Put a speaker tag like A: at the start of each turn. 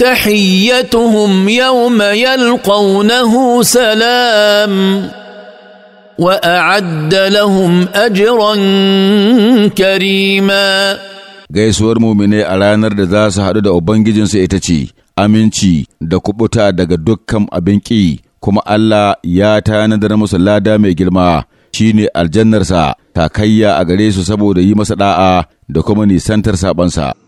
A: تحيتهم يوم يلقونه سلام واعد لهم اجرا كريما
B: gaisuwar muminai a ranar da za su haɗu da Ubangijinsu ita ce, Aminci da kubuta daga dukkan abin ƙi, kuma Allah ya tanadar musu lada mai girma shi ne aljannarsa, takayya a gare su saboda yi masa ɗa'a da kuma nisantar saɓansa.